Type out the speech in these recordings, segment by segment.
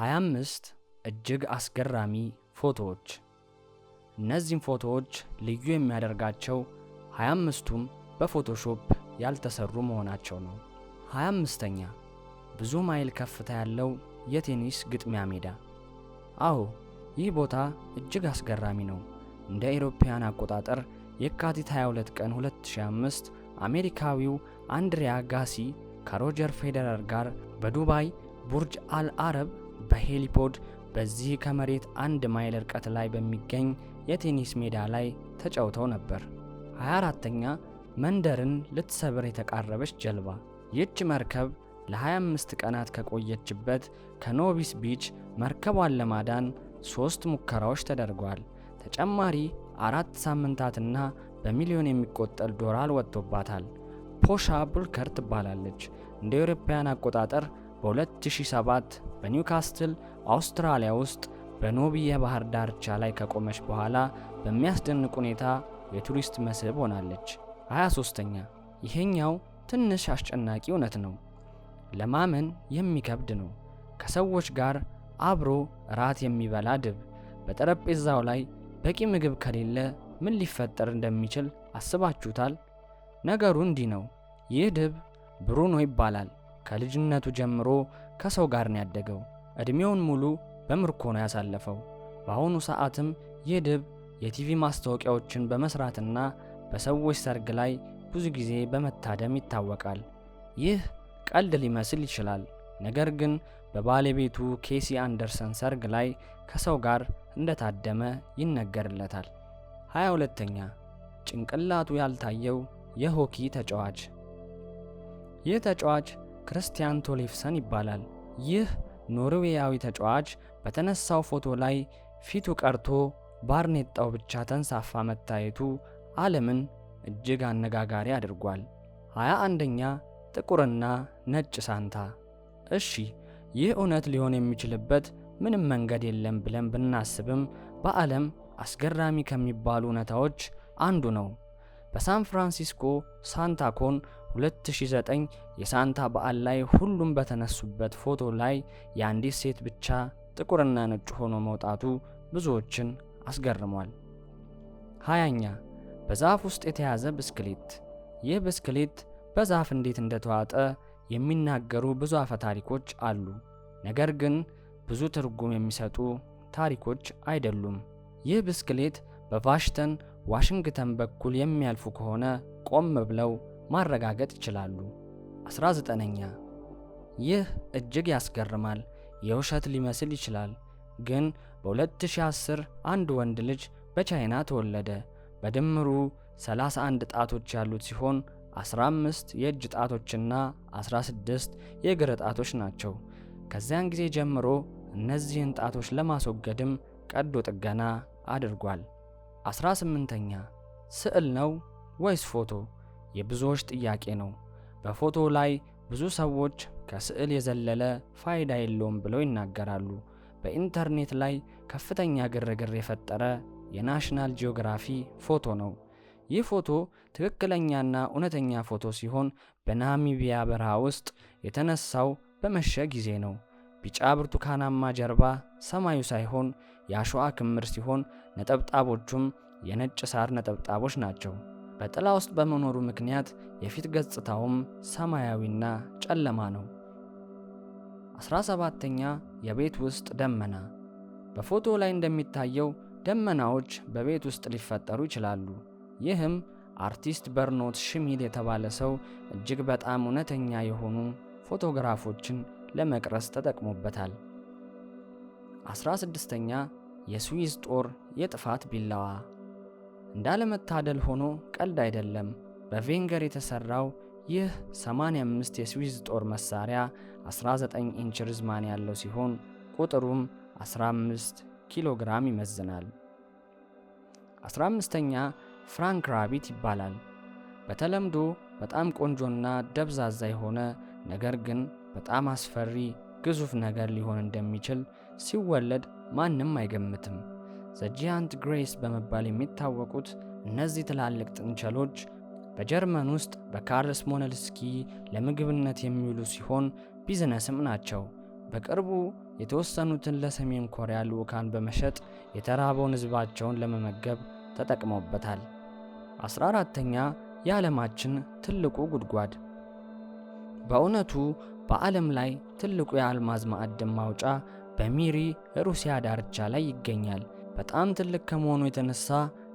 25 እጅግ አስገራሚ ፎቶዎች። እነዚህም ፎቶዎች ልዩ የሚያደርጋቸው 25ቱም በፎቶሾፕ ያልተሰሩ መሆናቸው ነው። 25ኛ ብዙ ማይል ከፍታ ያለው የቴኒስ ግጥሚያ ሜዳ። አዎ ይህ ቦታ እጅግ አስገራሚ ነው። እንደ አውሮፓውያን አቆጣጠር የካቲት 22 ቀን 2005 አሜሪካዊው አንድሪያ ጋሲ ከሮጀር ፌዴረር ጋር በዱባይ ቡርጅ አል አረብ በሄሊፖድ በዚህ ከመሬት አንድ ማይል ርቀት ላይ በሚገኝ የቴኒስ ሜዳ ላይ ተጫውተው ነበር። 24ተኛ መንደርን ልትሰብር የተቃረበች ጀልባ። ይህች መርከብ ለ25 ቀናት ከቆየችበት ከኖቪስ ቢች መርከቧን ለማዳን ሦስት ሙከራዎች ተደርገዋል። ተጨማሪ አራት ሳምንታትና በሚሊዮን የሚቆጠር ዶላር ወጥቶባታል። ፖሻ ቡልከር ትባላለች። እንደ አውሮፓውያን አቆጣጠር በ2007 በኒውካስትል አውስትራሊያ ውስጥ በኖቢ የባህር ዳርቻ ላይ ከቆመች በኋላ በሚያስደንቅ ሁኔታ የቱሪስት መስህብ ሆናለች። 23ኛ ይሄኛው ትንሽ አስጨናቂ እውነት ነው፣ ለማመን የሚከብድ ነው። ከሰዎች ጋር አብሮ ራት የሚበላ ድብ በጠረጴዛው ላይ በቂ ምግብ ከሌለ ምን ሊፈጠር እንደሚችል አስባችሁታል? ነገሩ እንዲህ ነው። ይህ ድብ ብሩኖ ይባላል። ከልጅነቱ ጀምሮ ከሰው ጋር ነው ያደገው። ዕድሜውን ሙሉ በምርኮ ነው ያሳለፈው። በአሁኑ ሰዓትም ይህ ድብ የቲቪ ማስታወቂያዎችን በመስራትና በሰዎች ሰርግ ላይ ብዙ ጊዜ በመታደም ይታወቃል። ይህ ቀልድ ሊመስል ይችላል፣ ነገር ግን በባለቤቱ ኬሲ አንደርሰን ሰርግ ላይ ከሰው ጋር እንደታደመ ይነገርለታል። 22ኛ ጭንቅላቱ ያልታየው የሆኪ ተጫዋች። ይህ ተጫዋች ክርስቲያን ቶሌፍሰን ይባላል። ይህ ኖርዌያዊ ተጫዋች በተነሳው ፎቶ ላይ ፊቱ ቀርቶ ባርኔጣው ብቻ ተንሳፋ መታየቱ ዓለምን እጅግ አነጋጋሪ አድርጓል። ሃያ አንደኛ ጥቁርና ነጭ ሳንታ። እሺ ይህ እውነት ሊሆን የሚችልበት ምንም መንገድ የለም ብለን ብናስብም በዓለም አስገራሚ ከሚባሉ እውነታዎች አንዱ ነው። በሳን ፍራንሲስኮ ሳንታኮን 2009 የሳንታ በዓል ላይ ሁሉም በተነሱበት ፎቶ ላይ የአንዲት ሴት ብቻ ጥቁርና ነጭ ሆኖ መውጣቱ ብዙዎችን አስገርሟል። ሀያኛ በዛፍ ውስጥ የተያዘ ብስክሌት። ይህ ብስክሌት በዛፍ እንዴት እንደተዋጠ የሚናገሩ ብዙ አፈ ታሪኮች አሉ። ነገር ግን ብዙ ትርጉም የሚሰጡ ታሪኮች አይደሉም። ይህ ብስክሌት በቫሽተን ዋሽንግተን በኩል የሚያልፉ ከሆነ ቆም ብለው ማረጋገጥ ይችላሉ። 19ኛ ይህ እጅግ ያስገርማል የውሸት ሊመስል ይችላል፣ ግን በ2010 አንድ ወንድ ልጅ በቻይና ተወለደ። በድምሩ 31 ጣቶች ያሉት ሲሆን 15 የእጅ ጣቶችና 16 የእግር ጣቶች ናቸው። ከዚያን ጊዜ ጀምሮ እነዚህን ጣቶች ለማስወገድም ቀዶ ጥገና አድርጓል። 18ኛ ስዕል ነው ወይስ ፎቶ? የብዙዎች ጥያቄ ነው። በፎቶ ላይ ብዙ ሰዎች ከስዕል የዘለለ ፋይዳ የለውም ብለው ይናገራሉ። በኢንተርኔት ላይ ከፍተኛ ግርግር የፈጠረ የናሽናል ጂኦግራፊ ፎቶ ነው። ይህ ፎቶ ትክክለኛና እውነተኛ ፎቶ ሲሆን በናሚቢያ በረሃ ውስጥ የተነሳው በመሸ ጊዜ ነው። ቢጫ ብርቱካናማ ጀርባ ሰማዩ ሳይሆን የአሸዋ ክምር ሲሆን ነጠብጣቦቹም የነጭ ሳር ነጠብጣቦች ናቸው። በጥላ ውስጥ በመኖሩ ምክንያት የፊት ገጽታውም ሰማያዊና ጨለማ ነው። 17ተኛ የቤት ውስጥ ደመና በፎቶ ላይ እንደሚታየው ደመናዎች በቤት ውስጥ ሊፈጠሩ ይችላሉ። ይህም አርቲስት በርኖት ሽሚል የተባለ ሰው እጅግ በጣም እውነተኛ የሆኑ ፎቶግራፎችን ለመቅረጽ ተጠቅሞበታል። 16ተኛ የስዊዝ ጦር የጥፋት ቢላዋ እንዳለመታደል ሆኖ ቀልድ አይደለም በቬንገር የተሰራው ይህ 85 የስዊዝ ጦር መሳሪያ 19 ኢንች ርዝማን ያለው ሲሆን ቁጥሩም 15 ኪሎ ግራም ይመዝናል። 15ኛ ፍራንክ ራቢት ይባላል። በተለምዶ በጣም ቆንጆና ደብዛዛ የሆነ ነገር ግን በጣም አስፈሪ ግዙፍ ነገር ሊሆን እንደሚችል ሲወለድ ማንም አይገምትም። ዘጂያንት ግሬስ በመባል የሚታወቁት እነዚህ ትላልቅ ጥንቸሎች በጀርመን ውስጥ በካርልስ ሞነልስኪ ለምግብነት የሚውሉ ሲሆን ቢዝነስም ናቸው። በቅርቡ የተወሰኑትን ለሰሜን ኮሪያ ልዑካን በመሸጥ የተራበውን ሕዝባቸውን ለመመገብ ተጠቅመውበታል። 14ተኛ የዓለማችን ትልቁ ጉድጓድ። በእውነቱ በዓለም ላይ ትልቁ የአልማዝ ማዕድን ማውጫ በሚሪ ሩሲያ ዳርቻ ላይ ይገኛል። በጣም ትልቅ ከመሆኑ የተነሳ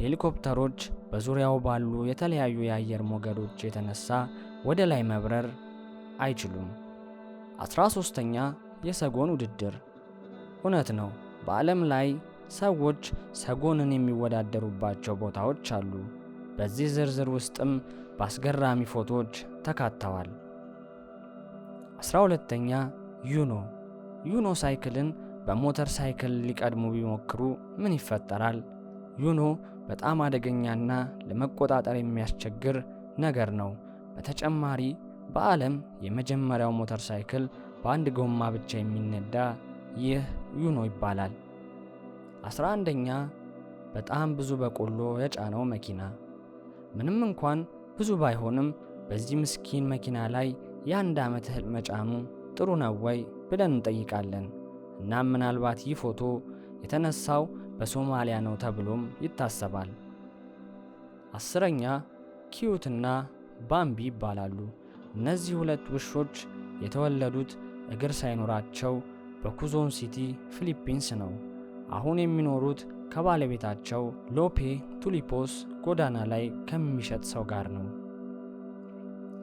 ሄሊኮፕተሮች በዙሪያው ባሉ የተለያዩ የአየር ሞገዶች የተነሳ ወደ ላይ መብረር አይችሉም። 13ተኛ የሰጎን ውድድር እውነት ነው። በዓለም ላይ ሰዎች ሰጎንን የሚወዳደሩባቸው ቦታዎች አሉ። በዚህ ዝርዝር ውስጥም በአስገራሚ ፎቶዎች ተካተዋል። 12ተኛ ዩኖ ዩኖ ሳይክልን በሞተር ሳይክል ሊቀድሙ ቢሞክሩ ምን ይፈጠራል? ዩኖ በጣም አደገኛና ለመቆጣጠር የሚያስቸግር ነገር ነው። በተጨማሪ በዓለም የመጀመሪያው ሞተር ሳይክል በአንድ ጎማ ብቻ የሚነዳ ይህ ዩኖ ይባላል። 11ኛ በጣም ብዙ በቆሎ የጫነው መኪና። ምንም እንኳን ብዙ ባይሆንም በዚህ ምስኪን መኪና ላይ የአንድ ዓመት እህል መጫኑ ጥሩ ነው ወይ ብለን እንጠይቃለን። እናም ምናልባት ይህ ፎቶ የተነሳው በሶማሊያ ነው ተብሎም ይታሰባል። አስረኛ ኪዩትና ባምቢ ይባላሉ። እነዚህ ሁለት ውሾች የተወለዱት እግር ሳይኖራቸው በኩዞን ሲቲ ፊሊፒንስ ነው። አሁን የሚኖሩት ከባለቤታቸው ሎፔ ቱሊፖስ ጎዳና ላይ ከሚሸጥ ሰው ጋር ነው።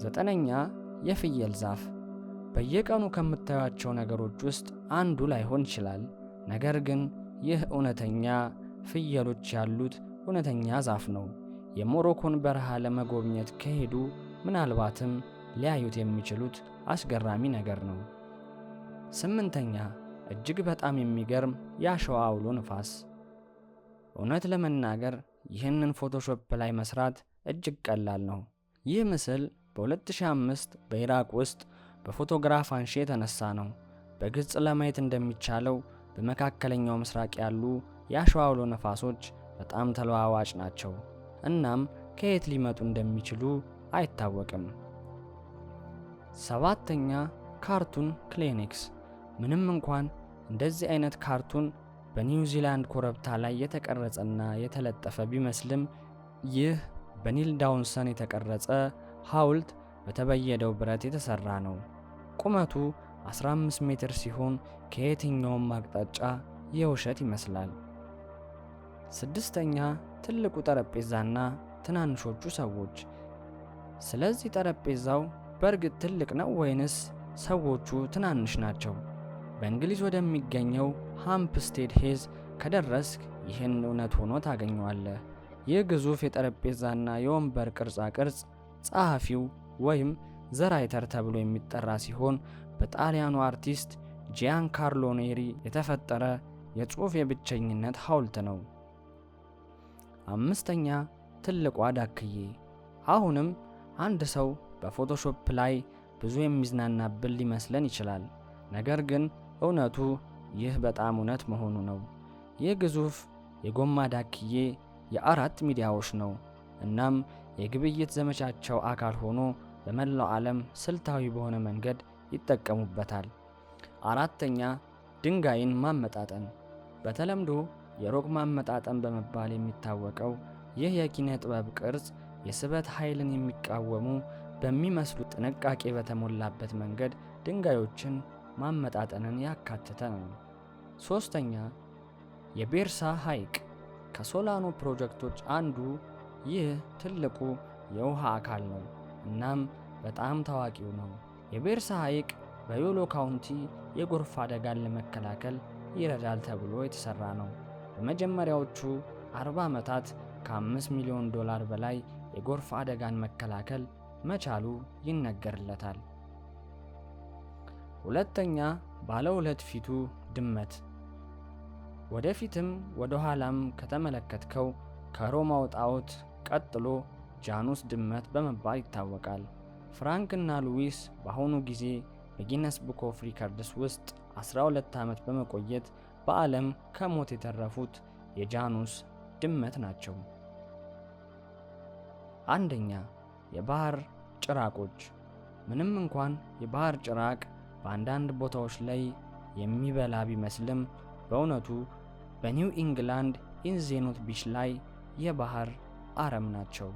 ዘጠነኛ የፍየል ዛፍ በየቀኑ ከምታዩቸው ነገሮች ውስጥ አንዱ ላይሆን ይችላል። ነገር ግን ይህ እውነተኛ ፍየሎች ያሉት እውነተኛ ዛፍ ነው። የሞሮኮን በረሃ ለመጎብኘት ከሄዱ ምናልባትም ሊያዩት የሚችሉት አስገራሚ ነገር ነው። ስምንተኛ እጅግ በጣም የሚገርም የአሸዋ አውሎ ንፋስ። እውነት ለመናገር ይህንን ፎቶሾፕ ላይ መስራት እጅግ ቀላል ነው። ይህ ምስል በ2005 በኢራቅ ውስጥ በፎቶግራፍ አንሺ የተነሳ ነው። በግልጽ ለማየት እንደሚቻለው በመካከለኛው ምስራቅ ያሉ የአሸዋ አውሎ ነፋሶች በጣም ተለዋዋጭ ናቸው። እናም ከየት ሊመጡ እንደሚችሉ አይታወቅም። ሰባተኛ ካርቱን ክሊኒክስ። ምንም እንኳን እንደዚህ አይነት ካርቱን በኒውዚላንድ ኮረብታ ላይ የተቀረጸና የተለጠፈ ቢመስልም ይህ በኒል ዳውንሰን የተቀረጸ ሐውልት በተበየደው ብረት የተሰራ ነው። ቁመቱ 15 ሜትር ሲሆን ከየትኛውም አቅጣጫ የውሸት ይመስላል። ስድስተኛ ትልቁ ጠረጴዛና ትናንሾቹ ሰዎች። ስለዚህ ጠረጴዛው በእርግጥ ትልቅ ነው ወይንስ ሰዎቹ ትናንሽ ናቸው? በእንግሊዝ ወደሚገኘው ሃምፕስቴድ ሄዝ ከደረስክ ይህን እውነት ሆኖ ታገኘዋለህ። ይህ ግዙፍ የጠረጴዛና የወንበር ቅርጻ ቅርጽ ጸሐፊው ወይም ዘራይተር ተብሎ የሚጠራ ሲሆን በጣሊያኑ አርቲስት ጂያን ካርሎ ኔሪ የተፈጠረ የጽሑፍ የብቸኝነት ሐውልት ነው። አምስተኛ ትልቋ ዳክዬ። አሁንም አንድ ሰው በፎቶሾፕ ላይ ብዙ የሚዝናናብን ሊመስለን ይችላል። ነገር ግን እውነቱ ይህ በጣም እውነት መሆኑ ነው። ይህ ግዙፍ የጎማ ዳክዬ የአራት ሚዲያዎች ነው። እናም የግብይት ዘመቻቸው አካል ሆኖ በመላው ዓለም ስልታዊ በሆነ መንገድ ይጠቀሙበታል። አራተኛ ድንጋይን ማመጣጠን በተለምዶ የሮቅ ማመጣጠን በመባል የሚታወቀው ይህ የኪነ ጥበብ ቅርጽ የስበት ኃይልን የሚቃወሙ በሚመስሉ ጥንቃቄ በተሞላበት መንገድ ድንጋዮችን ማመጣጠንን ያካተተ ነው። ሶስተኛ የቤርሳ ሐይቅ ከሶላኖ ፕሮጀክቶች አንዱ ይህ ትልቁ የውሃ አካል ነው። እናም በጣም ታዋቂው ነው። የቤርሳ ሐይቅ በዮሎ ካውንቲ የጎርፍ አደጋን ለመከላከል ይረዳል ተብሎ የተሰራ ነው። በመጀመሪያዎቹ 40 ዓመታት ከ5 ሚሊዮን ዶላር በላይ የጎርፍ አደጋን መከላከል መቻሉ ይነገርለታል። ሁለተኛ ባለ ሁለት ፊቱ ድመት። ወደፊትም ወደ ኋላም ከተመለከትከው ከሮማው ጣዖት ቀጥሎ ጃኑስ ድመት በመባል ይታወቃል። ፍራንክ እና ሉዊስ በአሁኑ ጊዜ በጊነስ ቡክ ኦፍ ሪከርድስ ውስጥ 12 ዓመት በመቆየት በዓለም ከሞት የተረፉት የጃኑስ ድመት ናቸው። አንደኛ የባህር ጭራቆች። ምንም እንኳን የባህር ጭራቅ በአንዳንድ ቦታዎች ላይ የሚበላ ቢመስልም በእውነቱ በኒው ኢንግላንድ ኢንዜኖት ቢች ላይ የባህር አረም ናቸው።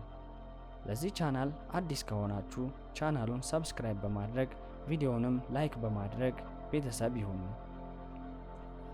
ለዚህ ቻናል አዲስ ከሆናችሁ ቻናሉን ሰብስክራይብ በማድረግ ቪዲዮውንም ላይክ በማድረግ ቤተሰብ ይሁኑ።